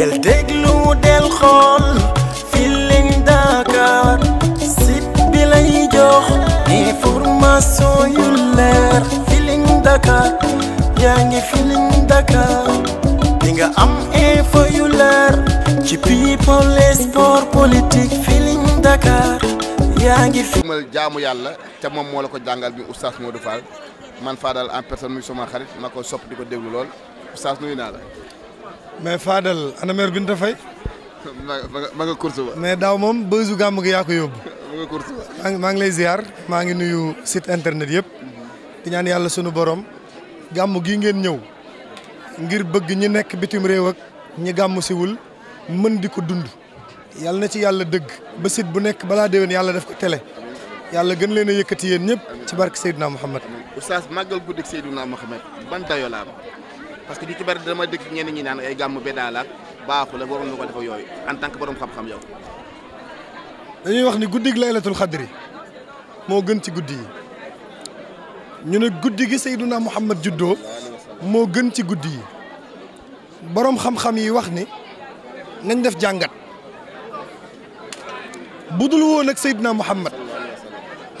del déglu del xool Feeling Dakar site bi lay jox information yu leer Feeling Dakar yaa ngi Feeling Dakar di nga am info yu leer ci people et sport politique Feeling Dakar yaa ngi fi. jaamu yàlla te moom moo la ko jàngal bi oustaz Modou Fall man faa daal en personne muy sama xarit ma ko sopp di ko déglu lool oustaz nuyu naa la. mais Fadel ana bi Binta Faye. ma nga ma nga course ba. mais daaw moom bésu gàmm gi yaa ko yóbbu. ma maa ngi lay ziar maa ngi nuyu site internet yëpp. di ñaan yàlla sunu borom. gàmm gii ngeen ñëw. ngir bëgg ñi nekk bitim réew ak ñi gàmm siwul mën di ko dund. yàlla na ci yàlla dëgg. ba site bu nekk balaa déwén yàlla def ko tele yàlla gën leen a yëkkati yéen ñëpp. ci barke Seydina Mouhamed. oustaz màggal guddik Seydina Mouhamed ban dayo la am parce que ñu ci bari dama dégg ñenn ñi naan ay gàmm bédaal ak baaxul la waroon na ko def yooyu en tant que borom xam-xam yow. dañuy wax ni guddig laylatul xadri moo gën ci guddi yi ñu ne guddi gi Seyduna Muhammad juddoo moo gën ci guddi yi boroom xam-xam yi wax ni nañ def jàngat budul woon ak Seyduna Muhammad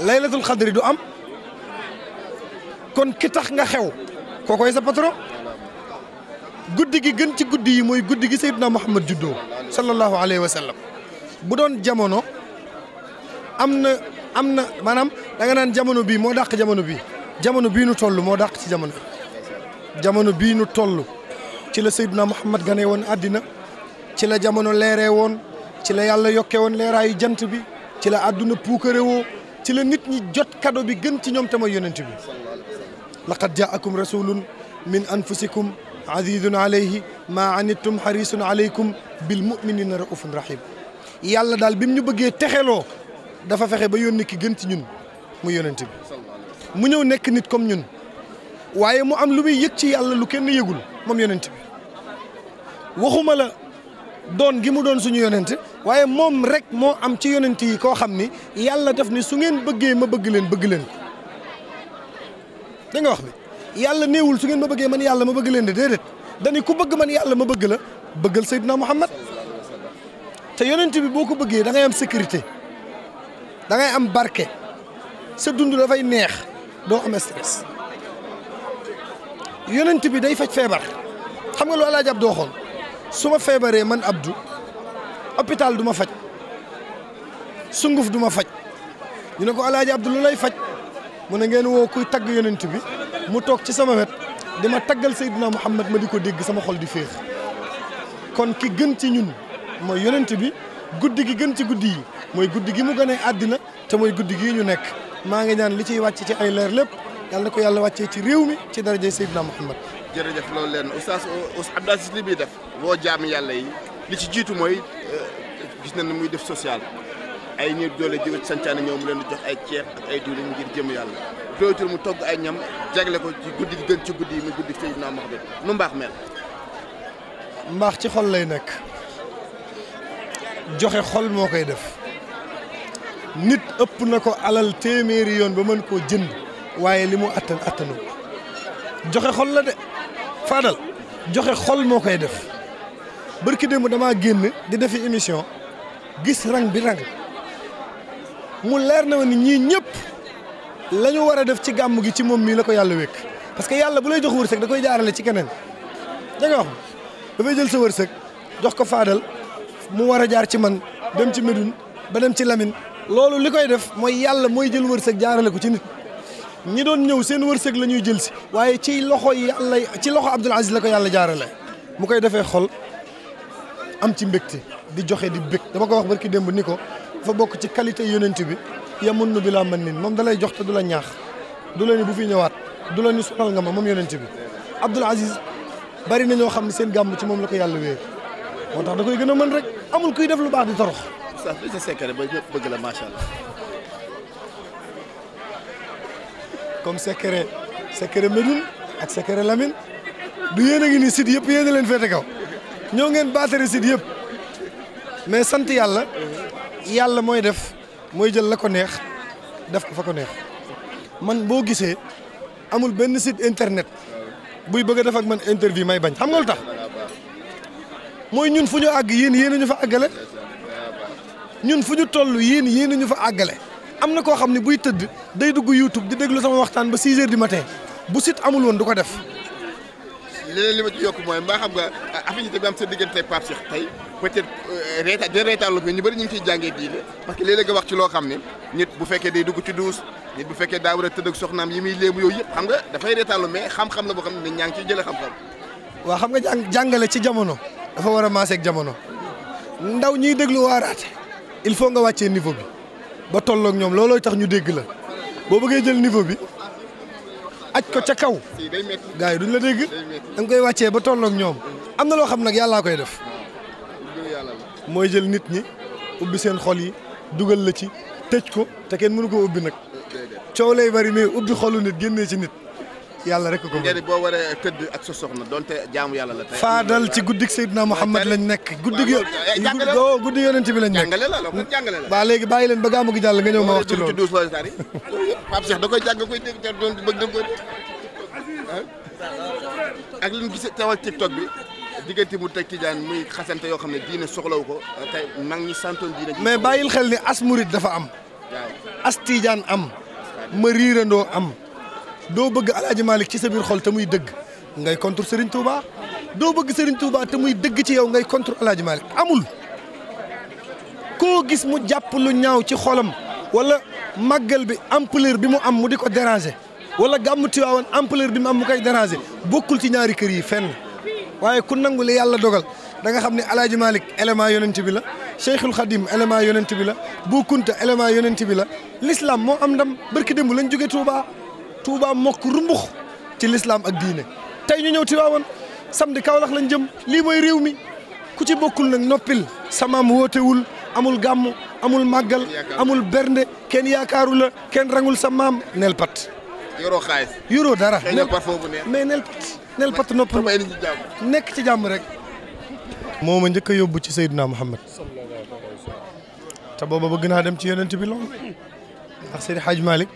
laylatul xadri du am kon ki tax nga xew koo koy sa patron. guddi gi gën ci guddi yi mooy guddi gi Seydina Muhammad juddoo sallallahu alayhi wa sallam bu doon jamono am na am na maanaam da naan jamono bii moo daq jamono bii jamono bii nu toll moo daq ci jamono jamono bii nu toll ci la Seydina Muhammad gane woon àddina ci la jamono leeree woon ci la yàlla yokke woon leeraayu jant bi ci la àdduna puukare woo ci la nit ñi jot kado bi gën ci ñoom te mooy yonent bi laqad jaakum rasulun min anfusikum azizun alayhi maa anittum harisun aleykum bil muminina raufun rahim yàlla daal bi mu ñu bëggee texeloo dafa fexe ba yónni ki gën ci ñun mu yónent bi mu ñëw nekk nit comme ñun waaye mu am lu muy yëg ci yàlla lu kenn yëgul moom yónent bi waxuma la doon gi mu doon suñu yonent waaye moom rek moo am ci yonent yi koo xam ni yàlla def ni su ngeen bëggee ma bëgg leen bëgg leen ko wax bi yàlla néewul su ngeen ma bëggee man yàlla ma bëgg leen de déedéet dañu ku bëgg man yàlla ma bëgg la bëggal Seydina Muhammad te yonent bi boo ko bëggee da ngay am sécurité dangay am barke sa dund dafay neex doo am stress bi day faj feebar xam nga lu Alaaji Abdu waxoon su ma feebaree man Abdu hôpital du ma faj sunguf duma faj ñu ne ko Alaaji Abdu lay faj mu ne ngeen woo kuy tagg yonent bi mu toog ci sama wet dama taggal Seydina Muhammad ma di ko dégg sama xol di féex kon ki gën ci ñun mooy yonent bi guddi gi gën ci guddi yi mooy guddi gi mu gënee àddina te mooy guddi gii ñu nekk maa ngi ñaan li ciy wàcc ci ay leer lépp yàlla na ko yàlla wàccee ci réew mi ci daraja Seydina Muhammad jërëjëf loolu leen oustaz Abdou Aziz li muy def woo jaam yàlla yi li ci jiitu mooy euh, gis na ni muy def social ay niir doole jóge ci santaane ñëw mu leen di jox ay ceeb ak ay diwlin ngir jëm yàlla doytul mu togg ay ñam jagle ko ci guddi gën ci guddi yi muy guddi Seydina Muhammad nu mbaax mel mbaax ci xol lay nekk joxe xol moo koy def nit ëpp na ko alal téeméeri yoon ba mën koo jënd waaye li mu attan attanu joxe xol la de faadal joxe xol moo koy def bërki démb damaa génn di defi émission gis rang bi rang mu leer na ma ñii ñëpp lañu war a def ci gàmm gi ci moom mii la ko yàlla wékk parce que yàlla bu lay jox wërsëg da koy jaarale ci keneen da nga wax dafay jël sa wërsëg jox ko faadal mu war a jaar ci man dem ci Médoune ba dem ci Lamine loolu li koy def mooy yàlla mooy jël wërsëg jaarale ko ci nit ñi doon ñëw seen wërsëg la ñuy jël si waaye ci loxo yàlla ci loxo Abdoul Aziz la ko yàlla jaarale mu koy defee xol am ci mbégte di joxe di bég dama ko wax barki démb ni ko dafa bokk ci qualité yonent bi yamun nu bi laa mën nin moom dalay jox te du la ñaax du la ni bu fi ñëwaat du la ni sonal nga ma moom yonent bi Abdoul Aziz bari na ñoo xam ne seen gàmm ci moom la ko yàlla wéer moo tax da koy gën a mën rek amul kuy def lu baax di torox sa sa secret ba ñëpp bëgg la macha allah comme secret secret Médoune ak secret Lamine du yéen a ngi nii site yëpp yéen a leen féete kaw ñoo ngeen baatare site yëpp mais sant yàlla yàlla mooy def mooy jël la ko neex def ko fa ko neex man boo gisee amul benn sit internet buy bëgg a def ak man interview may bañ xam nga lu tax mooy ñun fu ñu àgg yéen yéen ñu fa àggale ñun fu ñu toll yiin yéen ñu fa àggale am na koo xam ne buy tëdd day dugg YouTube di déglu sama waxtaan ba 6 heures du bu site amul du ko def. leneen li ma yokk mooy mbaa xam nga affinité bi am diggante Pape Cheikh reeta di reetaalu bi ñu bëri ñu ngi ciy jàngee diine parce que léeg-léeg wax ci loo xam ne nit bu fekkee day dugg ci duus nit bu fekkee daa war a tëdd ak soxnaam yi muy léebu yooyu yëpp xam nga dafay reetaalu mais xam-xam la boo xam ne ñaa ngi ciy jëlee xam-xam waa xam nga jàng jàngale ci jamono dafa war a maaseeg jamono ndaw ñuy déglu waaraate il faut nga wàccee niveau bi ba tolloog ñoom loolooy tax ñu dégg la boo bëggee jël niveau bi aj ko ca kaw gars yi duñ la dégg da koy wàccee ba tolloog ñoom am na loo xam nag yàllaa koy def mooy jël nit ñi ubbi seen xol yi dugal la ci tëj ko te kenn mënu ko ubbi nag coow lay bari mais ubbi xolu nit génnee ci nit yàlla rek ko ngeen boo waree tëdd ak sa soxna donte jaamu yàlla la tey faadal ci guddik Seydina Muhammad lañ nekk guddik yo eh, oh, guddi yonent bi lañ nekk jàngale la loolu jàngale la waa léegi bàyyi leen ba gàmmu gi jàll nga ñëw ma wax ci loolu Pape Cheikh da koy jàng koy dégg te doon bëgg da koy ak li ñu gisee diggante mu teg tijaan muy xasante yoo xam ne diine soxlaw ko tey mag ñi santoon diine. bàyyil xel ni as murit dafa am. as tiijaan am. ma riirandoo am. doo bëgg alaaji Malick ci sa biir xol te muy dëgg ngay contre Serigne Touba doo bëgg Serigne Touba te muy dëgg ci yow ngay contre alaaji Malick amul. koo gis mu jàpp lu ñaaw ci xolam wala màggal bi ampleur bi mu am mu di ko déranger wala gàmmu Tiwaawan ampleur bi mu am mu koy déranger bokkul ci ñaari kër yi fenn. waaye ku nangu li yàlla dogal danga xam ne alaaji Malick élément yonent bi la Cheikhul Khadim élément yonent bi la Bou Kounta élément yonent bi la l'islam moo am ndam barki démb lañ jóge Touba Touba mokk rumbux ci lislaam ak diine tey ñu ñëw sam samedi Kaolack lañ jëm lii mooy réew mi ku ci bokkul nag noppil samaam wootewul amul gàmm amul màggal amul bernde kenn yaakaaru la kenn rangul sa maam nel pat yoroo xaalis yoroo dara mais nel pat neel patt nopp nekk ci jàmm rek. moo ma njëkk a yóbbu ci Seydina Muhammad te booba bëgg naa dem ci yonent bi lool ndax Seydi Hadj Malick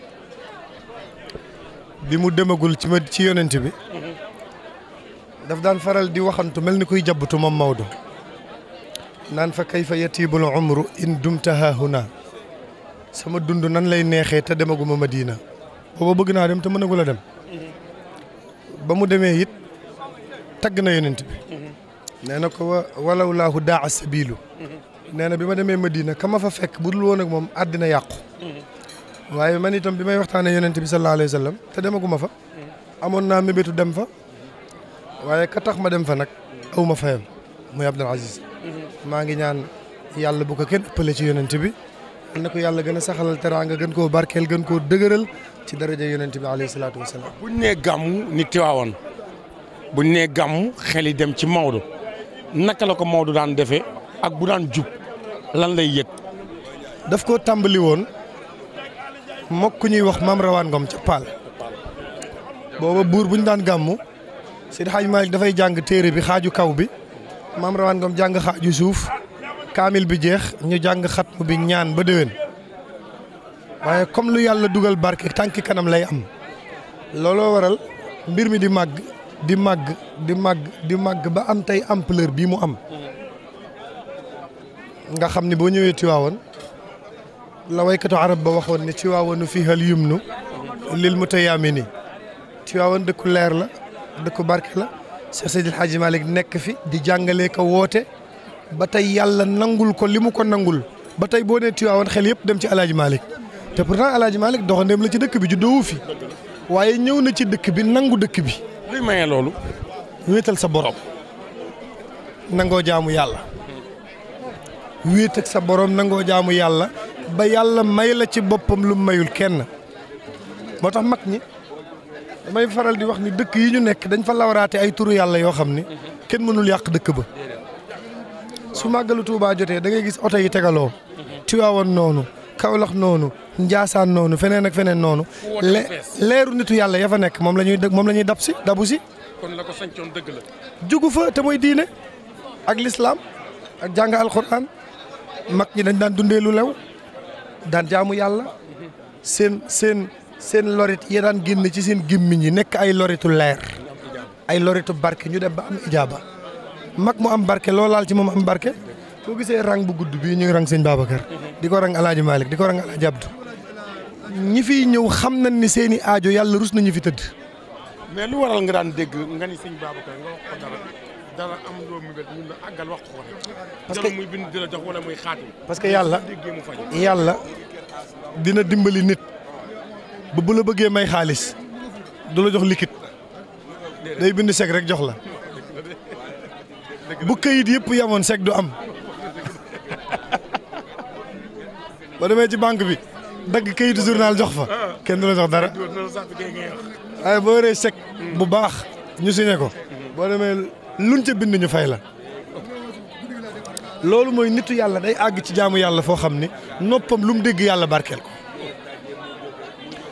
bi mu demagul ci ma ci yonent bi daf daan faral di waxantu mel ni kuy jabbutu moom Maodo naan fa kayfa yatibul umru in dumta sama dund nan lay neexee te demaguma Madina booba bëgg naa dem te mënagula dem ba mu demee it tagg na yonent bi mhm. nee na ko walaw laahu daa sabilu mhm. nee na bi ma demee ma diina ka ma fa fekk bu dul woon ak moom àddina yàqu mhm. waaye man itam bi may waxtaanee yonent bi sallallahu alayhi wa sallam te demaguma fa amoon naa mébétu dem fa waaye ka tax ma dem fa nag aw ma fayam muy Abdul Aziz maa ngi ñaan yàlla bu ko kenn ëppale ci bi na ko yàlla gën a saxalal teraanga gën koo barkeel gën koo dëgëral ci daraja yonent bi alayhi salaatu wasalaam ñu nee gàmmu ni Tiwaawan buñ nee gàmmu xel yi dem ci Maodo naka la ko Maodo daan defe ak bu daan jub lan lay yëg. daf ko tàmbali woon mokk ñuy wax maam rawaan ngom ca Paal booba buur bu ñu daan gàmmu Seydi Hadji Malick dafay jàng téere bi xaaju kaw bi maam rawaan ngom jàng xaaju suuf. kaamil bi jeex ñu jàng xatmu bi ñaan ba déwén waaye comme lu yàlla dugal barke tànki kanam lay am looloo waral mbir mi di màgg di màgg di màgg di màgg ba am tey ampleur bii mu am nga xam ni boo ñëwee Tiwaawoon la waykatu arab ba waxoon ne Tiwaawoonu fiiha al yumnu lil mutayaamini Tiwaawoon dëkku leer la dëkku barke la Cheikh Seydil Hadji Malick nekk fi di jàngale ka woote ba tey yàlla nangul ko li mu ko nangul ba tey boo nee Tiwaawan xel yëpp dem ci Alaaji Malick te pourtant Alaaji Malick doxandeem la ci dëkk bi juddoowu fi waaye ñëw na ci dëkk bi nangu dëkk bi. luy maye loolu. wéetal sa borom. nangoo jaamu yàlla. wéet ak sa borom nangoo jaamu yàlla ba yàlla may la ci boppam lu mayul kenn moo tax mag ñi damay faral di wax ni dëkk yi ñu nekk dañ fa lawraate ay turu yàlla yoo xam ni kenn mënul yàq dëkk ba. su màggalu Touba jotee da ngay gis oto yi tegaloo. Mhm. Tiwaawan noonu Kawlax noonu Njaasaan noonu feneen ak feneen noonu. leeru nitu yàlla ya fa nekk moom la ñuy moom la ñuy dab si dabu si. kon la ko sañcoon dëgg la. jugu fa te mooy diine ak lislaam ak jàng alxuraan mag ñi dañ daan dundee lu lew daan jaamu yàlla mhm. seen seen seen lorit ya daan génn ci seen gémmiñ yi nekk ay loritu leer ay loritu barke ñu dem ba am ijaaba mag mu am barke loo laal ci moom am barke boo gisee rang bu gudd bii ñuy rang sëñ Babacar di ko rang alaaji Malick di ko rang alaaji Abdou ñi fiy ñëw xam na ni seeni aajo yàlla rus nañu fi tëdd mais lu waral nga daan dégg nga ni sëñ parce que bind di la wala muy xaatim parce que yàlla yàlla dina dimbali nit ba bu la bëggee may xaalis du la jox liquide day bind sec rek jox la bu këyit yëpp yemoon sek du am boo demee ci bànk bi dagg këyitu journal jox fa kenn du jox dara waaye boo yoree sek bu baax ñu signé ko boo demee lu ca bind ñu fay la loolu mooy nitu yàlla day àgg ci jaamu yàlla foo xam ne noppam lu mu dégg yàlla barkeel ko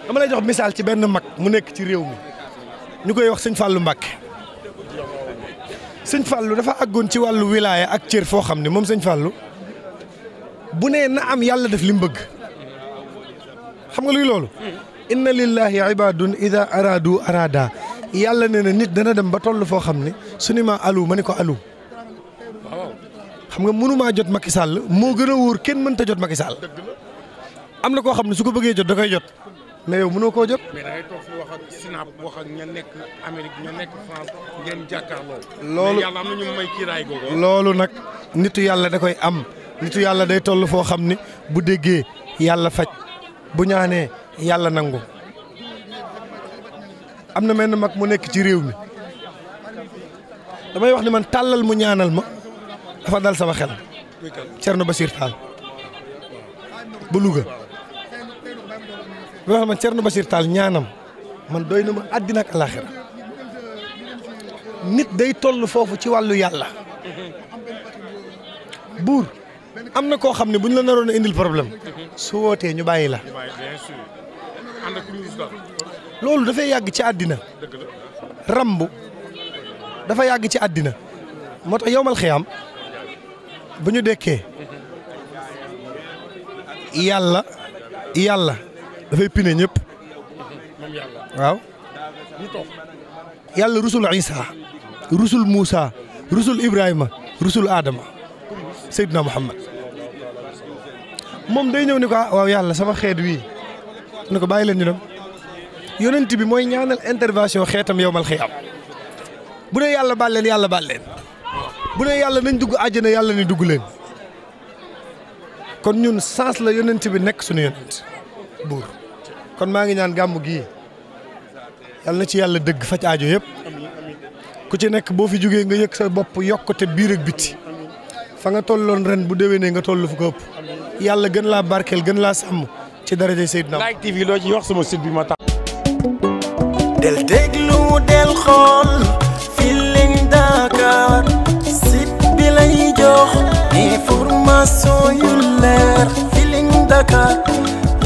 dama lay jox misaal ci benn mag mu nekk ci réew mi ñu koy wax sëñ Fallou Mbacke sëñ Fallou dafa àggoon ci wàllu wilaaya ak cër foo xam ne moom sëñ Fallou bu nee na am yàlla def li mu bëgg xam nga luy loolu inna lillahi ibadun ida aradu arada yàlla nee na nit dana dem ba toll foo xam ne su ni ma alu ma ni ko alu xam nga mënumaa jot Macky Sall moo gën a wóor kenn mënta jot Macky Sall am na koo xam ne su ko bëggee jot da koy jot mais yow mënoo koo jëpp. mais da ngay toog fi ak Sinaab wax ak ña nekk Amérique nekk France ngeen loolu mais am na ñu may kiiraay googu. loolu nag nitu yàlla da koy am nitu yàlla day toll foo xam ni bu déggee yàlla faj bu ñaanee yàlla nangu. am na mel ni mag mu nekk ci réew mi damay wax ni man tàllal mu ñaanal ma dafa dal sama xel. Thierno Bachir Tall bu luga bi ma xam man Thierno Bachir Tall ñaanam man doy na ma àddina ak nit day toll foofu ci wàllu yàlla buur am na koo xam ne bu ñu la naroon a indil problème su wootee ñu bàyyi la loolu dafay yàgg ci àddina rambu dafa yàgg ci àddina moo tax yowmal xiyaam bu ñu dekkee yàlla yàlla dafay pine ñëpp waaw yàlla rusul Isa rusul Moussa rusul Ibrahima rusul Adama Seydina Muhammad moom day ñëw ni ko ah, waaw yàlla sama xeet wii ni ko bàyyi leen ñu dem yonent bi mooy ñaanal intervention xeetam yow mal xiyaam bu dee yàlla balleen yàlla baal leen bu dee yàlla nañ dugg àjjana yàlla ni dugg leen kon ñun sens la yonent bi nekk sunu yonent buur kon maa ngi ñaan gàmm gi yàlla na ci yàlla dëgg faj aajo yëpp ku ci nekk boo fi jógee nga yëg sa bopp te biir ak biti fa nga tolloon ren bu ne nga toll fu ko ëpp yàlla gën laa barkeel gën laa sàmm ci daraja Seydina Like TV loo ci wax sama site bi del déglu del xool Feeling Dakar site bi lay jox information yu leer Feeling Dakar